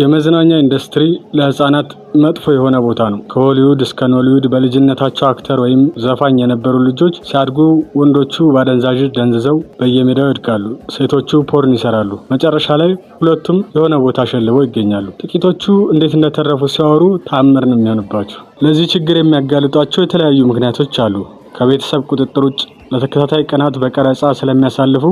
የመዝናኛ ኢንዱስትሪ ለህፃናት መጥፎ የሆነ ቦታ ነው። ከሆሊውድ እስከ ኖሊውድ በልጅነታቸው አክተር ወይም ዘፋኝ የነበሩ ልጆች ሲያድጉ ወንዶቹ በአደንዛዥ ደንዝዘው በየሜዳው ይወድቃሉ፣ ሴቶቹ ፖርን ይሰራሉ። መጨረሻ ላይ ሁለቱም የሆነ ቦታ ሸልበው ይገኛሉ። ጥቂቶቹ እንዴት እንደተረፉ ሲያወሩ ተአምር ነው የሚሆንባቸው። ለዚህ ችግር የሚያጋልጧቸው የተለያዩ ምክንያቶች አሉ። ከቤተሰብ ቁጥጥር ውጭ ለተከታታይ ቀናት በቀረጻ ስለሚያሳልፉ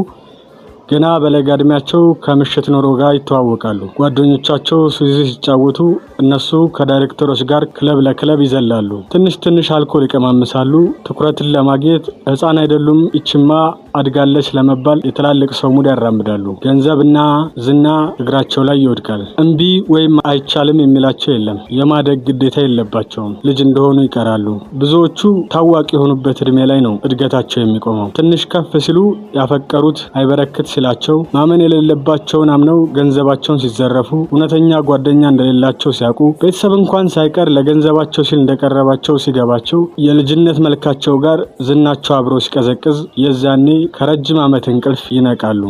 ገና በለጋ እድሜያቸው ከምሽት ኑሮ ጋር ይተዋወቃሉ። ጓደኞቻቸው ስዊዝ ሲጫወቱ እነሱ ከዳይሬክተሮች ጋር ክለብ ለክለብ ይዘላሉ። ትንሽ ትንሽ አልኮል ይቀማምሳሉ። ትኩረትን ለማግኘት ሕፃን አይደሉም። ይችማ አድጋለች ለመባል የትላልቅ ሰው ሙድ ያራምዳሉ። ገንዘብና ዝና እግራቸው ላይ ይወድቃል። እምቢ ወይም አይቻልም የሚላቸው የለም። የማደግ ግዴታ የለባቸውም። ልጅ እንደሆኑ ይቀራሉ። ብዙዎቹ ታዋቂ የሆኑበት እድሜ ላይ ነው እድገታቸው የሚቆመው። ትንሽ ከፍ ሲሉ ያፈቀሩት አይበረክት ሲላቸው፣ ማመን የሌለባቸውን አምነው ገንዘባቸውን ሲዘረፉ፣ እውነተኛ ጓደኛ እንደሌላቸው ሲያውቁ፣ ቤተሰብ እንኳን ሳይቀር ለገንዘባቸው ሲል እንደቀረባቸው ሲገባቸው፣ የልጅነት መልካቸው ጋር ዝናቸው አብሮ ሲቀዘቅዝ የዛኔ ከረጅም ዓመት እንቅልፍ ይነቃሉ።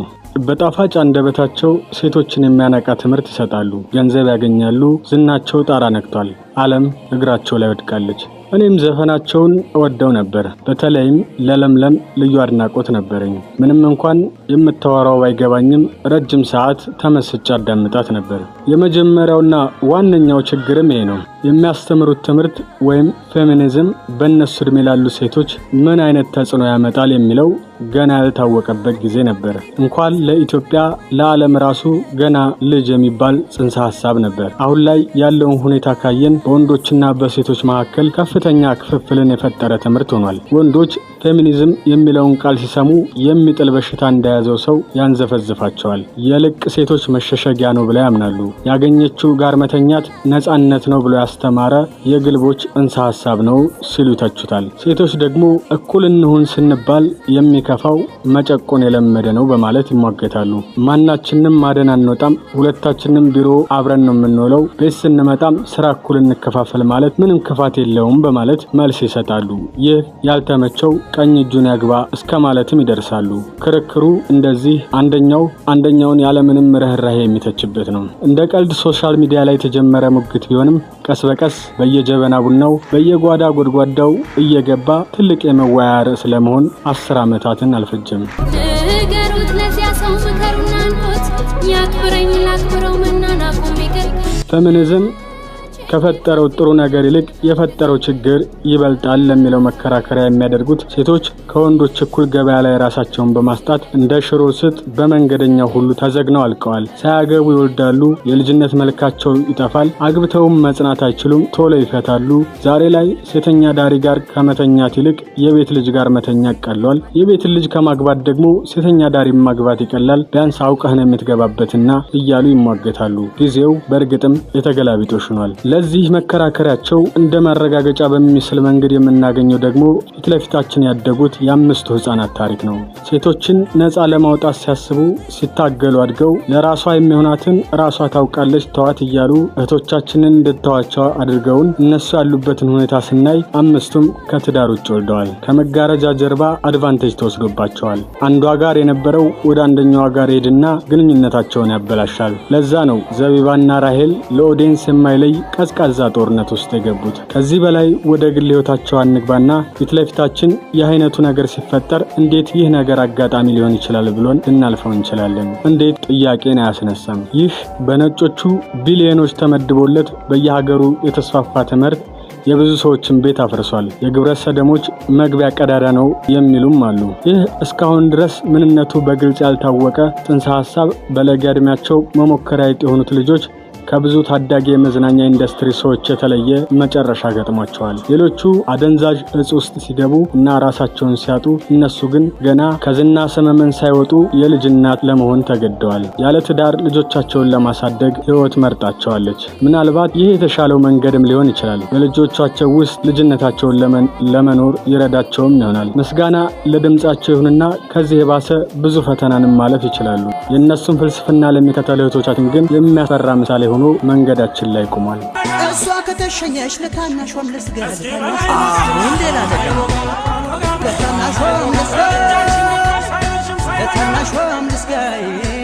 በጣፋጭ አንደበታቸው ሴቶችን የሚያነቃ ትምህርት ይሰጣሉ። ገንዘብ ያገኛሉ። ዝናቸው ጣራ ነክቷል። ዓለም እግራቸው ላይ ወድቃለች። እኔም ዘፈናቸውን እወደው ነበር። በተለይም ለለምለም ልዩ አድናቆት ነበረኝ። ምንም እንኳን የምታወራው ባይገባኝም ረጅም ሰዓት ተመስጬ አዳምጣት ነበር። የመጀመሪያውና ዋነኛው ችግርም ይሄ ነው። የሚያስተምሩት ትምህርት ወይም ፌሚኒዝም በእነሱ እድሜ ላሉ ሴቶች ምን አይነት ተጽዕኖ ያመጣል የሚለው ገና ያልታወቀበት ጊዜ ነበር። እንኳን ለኢትዮጵያ ለዓለም ራሱ ገና ልጅ የሚባል ጽንሰ ሀሳብ ነበር። አሁን ላይ ያለውን ሁኔታ ካየን በወንዶችና በሴቶች መካከል ከፍተኛ ክፍፍልን የፈጠረ ትምህርት ሆኗል። ወንዶች ፌሚኒዝም የሚለውን ቃል ሲሰሙ የሚጥል በሽታ እንደያዘው ሰው ያንዘፈዝፋቸዋል። የልቅ ሴቶች መሸሸጊያ ነው ብለው ያምናሉ። ያገኘችው ጋር መተኛት ነጻነት ነው ብሎ ያስተማረ የግልቦች እንስ ሀሳብ ነው ሲሉ ይተቹታል። ሴቶች ደግሞ እኩል እንሁን ስንባል የሚከፋው መጨቆን የለመደ ነው በማለት ይሟገታሉ። ማናችንም ማደን አንወጣም፣ ሁለታችንም ቢሮ አብረን ነው የምንውለው፣ ቤት ስንመጣም ስራ እኩል እንከፋፈል ማለት ምንም ክፋት የለውም በማለት መልስ ይሰጣሉ። ይህ ያልተመቸው ቀኝ እጁን ያግባ እስከ ማለትም ይደርሳሉ። ክርክሩ እንደዚህ አንደኛው አንደኛውን ያለምንም ርኅራሄ የሚተችበት ነው እንደ በቀልድ ሶሻል ሚዲያ ላይ የተጀመረ ሙግት ቢሆንም ቀስ በቀስ በየጀበና ቡናው በየጓዳ ጎድጓዳው እየገባ ትልቅ የመወያያ ርዕስ ለመሆን አስር ዓመታትን አልፈጀም። ፌሚኒዝም ከፈጠረው ጥሩ ነገር ይልቅ የፈጠረው ችግር ይበልጣል ለሚለው መከራከሪያ የሚያደርጉት ሴቶች ከወንዶች እኩል ገበያ ላይ ራሳቸውን በማስጣት እንደ ሽሮ ስጥ በመንገደኛ ሁሉ ተዘግነው አልቀዋል። ሳያገቡ ይወልዳሉ፣ የልጅነት መልካቸው ይጠፋል፣ አግብተውም መጽናት አይችሉም፣ ቶሎ ይፈታሉ። ዛሬ ላይ ሴተኛ ዳሪ ጋር ከመተኛት ይልቅ የቤት ልጅ ጋር መተኛ ቀሏል። የቤት ልጅ ከማግባት ደግሞ ሴተኛ ዳሪ ማግባት ይቀላል፣ ቢያንስ አውቀህን የምትገባበትና እያሉ ይሟገታሉ። ጊዜው በእርግጥም የተገላቢጦሽ ሆኗል። ለዚህ መከራከሪያቸው እንደ ማረጋገጫ በሚመስል መንገድ የምናገኘው ደግሞ ፊት ለፊታችን ያደጉት የአምስቱ ህጻናት ታሪክ ነው። ሴቶችን ነፃ ለማውጣት ሲያስቡ ሲታገሉ አድገው ለራሷ የሚሆናትን ራሷ ታውቃለች ተዋት እያሉ እህቶቻችንን እንድተዋቸው አድርገውን እነሱ ያሉበትን ሁኔታ ስናይ አምስቱም ከትዳር ውጭ ወልደዋል። ከመጋረጃ ጀርባ አድቫንቴጅ ተወስዶባቸዋል። አንዷ ጋር የነበረው ወደ አንደኛዋ ጋር ሄድና ግንኙነታቸውን ያበላሻል። ለዛ ነው ዘቢባና ራሄል ለኦዲንስ የማይለይ ቀ ቀዝቃዛ ጦርነት ውስጥ የገቡት። ከዚህ በላይ ወደ ግል ህይወታቸው አንግባና ፊት ለፊታችን የአይነቱ ነገር ሲፈጠር እንዴት ይህ ነገር አጋጣሚ ሊሆን ይችላል ብሎን ልናልፈው እንችላለን? እንዴት ጥያቄን አያስነሳም? ይህ በነጮቹ ቢሊዮኖች ተመድቦለት በየሀገሩ የተስፋፋ ትምህርት የብዙ ሰዎችን ቤት አፍርሷል። የግብረ ሰደሞች መግቢያ ቀዳዳ ነው የሚሉም አሉ። ይህ እስካሁን ድረስ ምንነቱ በግልጽ ያልታወቀ ጥንሰ ሀሳብ በለጋ ዕድሜያቸው መሞከሪያ የሆኑት ልጆች ከብዙ ታዳጊ የመዝናኛ ኢንዱስትሪ ሰዎች የተለየ መጨረሻ ገጥሟቸዋል። ሌሎቹ አደንዛዥ እጽ ውስጥ ሲገቡ እና ራሳቸውን ሲያጡ፣ እነሱ ግን ገና ከዝና ሰመመን ሳይወጡ የልጅ እናት ለመሆን ተገደዋል። ያለ ትዳር ልጆቻቸውን ለማሳደግ ህይወት መርጣቸዋለች። ምናልባት ይህ የተሻለው መንገድም ሊሆን ይችላል። በልጆቻቸው ውስጥ ልጅነታቸውን ለመኖር ይረዳቸውም ይሆናል። ምስጋና ለድምጻቸው ይሁንና ከዚህ የባሰ ብዙ ፈተናንም ማለፍ ይችላሉ። የእነሱን ፍልስፍና ለሚከተሉ እህቶቻችን ግን የሚያስፈራ ምሳሌ ሆኖ መንገዳችን ላይ ቆሟል። እሷ ከተሸኘች ለታናሿም ልስገድ ሌላ ነገር ለታናሿም ለታናሿም ልስገድ